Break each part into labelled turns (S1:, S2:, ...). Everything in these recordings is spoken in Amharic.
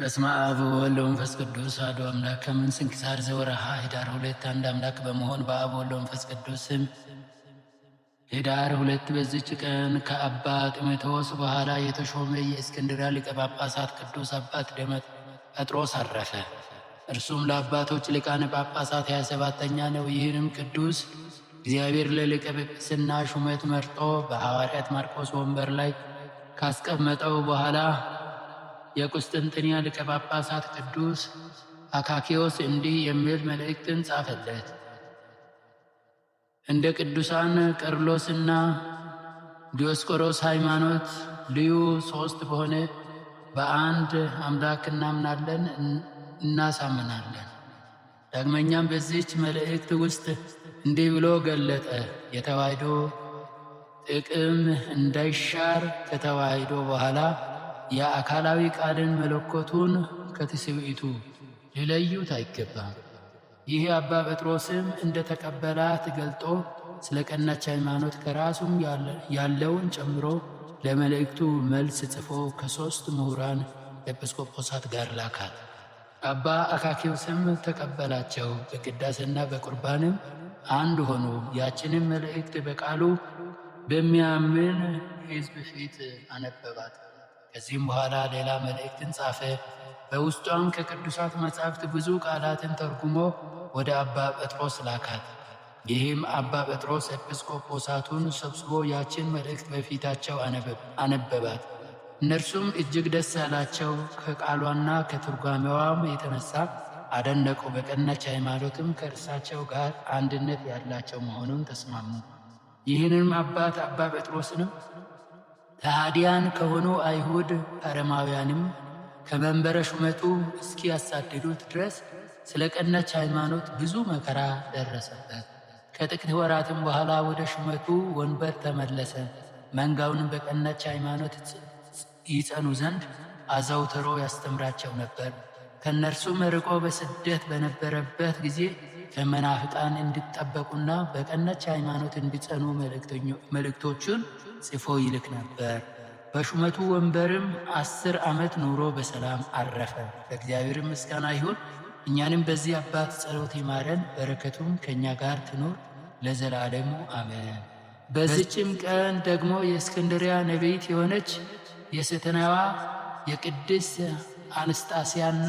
S1: በስመ አብ ወወልድ ወመንፈስ ቅዱስ አሐዱ አምላክ ከምን ስንክሳር ዘወርኀ ኅዳር ሁለት አንድ አምላክ በመሆን በአብ ወልድ መንፈስ ቅዱስም ስም ኅዳር ሁለት በዚች ቀን ከአባ ጢሞቴዎስ በኋላ የተሾመ የእስክንድርያ ሊቀ ጳጳሳት ቅዱስ አባት ደሜጥሮስ አረፈ። እርሱም ለአባቶች ሊቃነ ጳጳሳት ሃያ ሰባተኛ ነው። ይህንም ቅዱስ እግዚአብሔር ለሊቀ ጵጵስና ሹመት መርጦ በሐዋርያት ማርቆስ ወንበር ላይ ካስቀመጠው በኋላ የቁስጥንጥንያ ሊቀ ጳጳሳት ቅዱስ አካኪዎስ እንዲህ የሚል መልእክትን ጻፈለት። እንደ ቅዱሳን ቀርሎስና ዲዮስቆሮስ ሃይማኖት ልዩ ሦስት በሆነ በአንድ አምላክ እናምናለን እናሳምናለን። ዳግመኛም በዚች መልእክት ውስጥ እንዲህ ብሎ ገለጠ። የተዋሕዶ ጥቅም እንዳይሻር ከተዋሕዶ በኋላ የአካላዊ ቃልን መለኮቱን ከትስብእቱ ሊለዩት አይገባም። ይህ አባ ጴጥሮስም እንደ ተቀበላት ገልጦ ስለ ቀናች ሃይማኖት ከራሱም ያለውን ጨምሮ ለመልእክቱ መልስ ጽፎ ከሦስት ምሁራን ኤጲስቆጶሳት ጋር ላካት። አባ አካኪዎስም ተቀበላቸው። በቅዳሴና በቁርባንም አንድ ሆኑ። ያችንም መልእክት በቃሉ በሚያምን ሕዝብ ፊት አነበባት። ከዚህም በኋላ ሌላ መልእክትን ጻፈ። በውስጧም ከቅዱሳት መጻሕፍት ብዙ ቃላትን ተርጉሞ ወደ አባ ጴጥሮስ ላካት። ይህም አባ ጴጥሮስ ኤጲስቆጶሳቱን ሰብስቦ ያችን መልእክት በፊታቸው አነበባት። እነርሱም እጅግ ደስ ያላቸው ከቃሏና ከትርጓሜዋም የተነሳ አደነቁ። በቀናች ሃይማኖትም ከእርሳቸው ጋር አንድነት ያላቸው መሆኑን ተስማሙ። ይህንም አባት አባ ጴጥሮስንም ከሃዲያን ከሆኑ አይሁድ አረማውያንም ከመንበረ ሹመቱ እስኪ ያሳደዱት ድረስ ስለ ቀናች ሃይማኖት ብዙ መከራ ደረሰበት። ከጥቂት ወራትም በኋላ ወደ ሹመቱ ወንበር ተመለሰ። መንጋውንም በቀናች ሃይማኖት ይጸኑ ዘንድ አዘውትሮ ያስተምራቸው ነበር። ከእነርሱም ርቆ በስደት በነበረበት ጊዜ ከመናፍቃን እንዲጠበቁና በቀናች ሃይማኖት እንዲጸኑ መልእክቶቹን ጽፎ ይልክ ነበር። በሹመቱ ወንበርም አስር ዓመት ኑሮ በሰላም አረፈ። ለእግዚአብሔር ምስጋና ይሁን። እኛንም በዚህ አባት ጸሎት ይማረን፣ በረከቱም ከእኛ ጋር ትኖር ለዘላለሙ አሜን። በዚችም ቀን ደግሞ የእስክንድሪያ ነቢይት የሆነች የሴተናዋ የቅድስት አንስጣስያና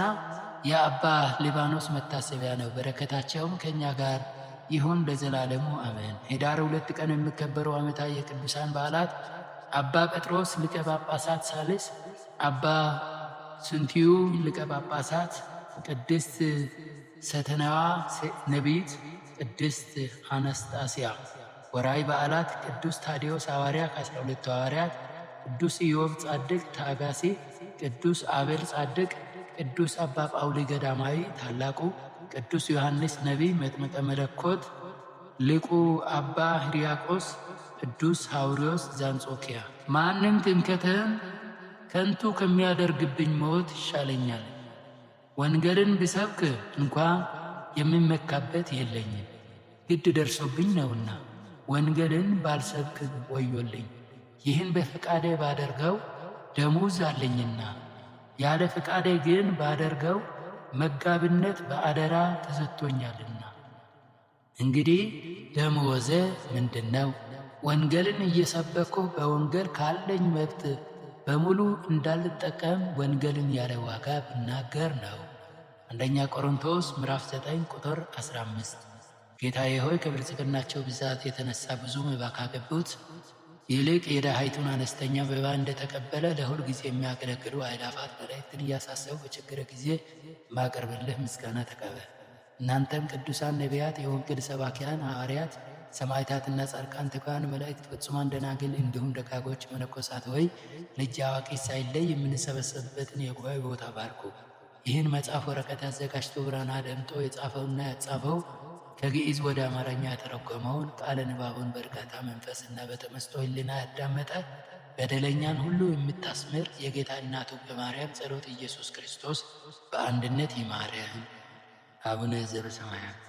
S1: የአባ ሊባኖስ መታሰቢያ ነው። በረከታቸውም ከእኛ ጋር ይሁን ለዘላለሙ አሜን። ኅዳር ሁለት ቀን የሚከበረው ዓመታዊ የቅዱሳን በዓላት አባ ጴጥሮስ ሊቀ ጳጳሳት ሳልስ፣ አባ ስንቲዩ ሊቀ ጳጳሳት፣ ቅድስት ሰተናዋ ነቢት፣ ቅድስት አነስታሲያ ወራይ በዓላት ቅዱስ ታዲዮስ ሐዋርያ ከ12ቱ ሐዋርያት፣ ቅዱስ ኢዮብ ጻድቅ ታጋሴ ቅዱስ አቤል ጻድቅ ቅዱስ አባ ጳውሊ ገዳማዊ፣ ታላቁ ቅዱስ ዮሐንስ ነቢይ መጥምቀ መለኮት፣ ሊቁ አባ ሕርያቆስ፣ ቅዱስ ሐውርዮስ ዛንጾኪያ ማንም ትምክህትህን ከንቱ ከሚያደርግብኝ ሞት ይሻለኛል። ወንጌልን ብሰብክ እንኳ የምመካበት የለኝም፣ ግድ ደርሶብኝ ነውና። ወንጌልን ባልሰብክ ወዮልኝ፣ ይህን በፈቃደ ባደርገው ደሞዝ አለኝና ያለ ፈቃዴ ግን ባደርገው መጋቢነት በአደራ ተሰጥቶኛልና። እንግዲህ ደመወዜ ምንድን ነው? ወንጌልን እየሰበኩ በወንጌል ካለኝ መብት በሙሉ እንዳልጠቀም ወንጌልን ያለ ዋጋ ብናገር ነው። አንደኛ ቆሮንቶስ ምዕራፍ 9 ቁጥር 15። ጌታዬ ሆይ ከብልጽግናቸው ብዛት የተነሳ ብዙ መባ ካገቡት ይልቅ የድሃይቱን አነስተኛ መባ እንደተቀበለ ለሁል ጊዜ የሚያገለግሉ አእላፋት መላእክትን እያሳሰቡ በችግር ጊዜ ማቀርብልህ ምስጋና ተቀበል። እናንተም ቅዱሳን ነቢያት፣ የወንጌል ሰባኪያን ሐዋርያት፣ ሰማዕታትና ጻድቃን፣ ትጉሃን መላእክት፣ ፍጹማን ደናግል፣ እንዲሁም ደጋጎች መነኮሳት ሆይ ልጅ አዋቂ ሳይለይ የምንሰበሰብበትን የጉባኤ ቦታ ባርኩ። ይህን መጽሐፍ ወረቀት ያዘጋጅቶ ብራና ደምጦ የጻፈውና ያጻፈው ከግዕዝ ወደ አማርኛ የተረጎመውን ቃለ ንባቡን በእርጋታ መንፈስና በተመስጦ ሕሊና ያዳመጠ በደለኛን ሁሉ የምታስምር የጌታ እናቱ በማርያም ጸሎት ኢየሱስ ክርስቶስ በአንድነት ይማረን። አቡነ ዘበሰማያት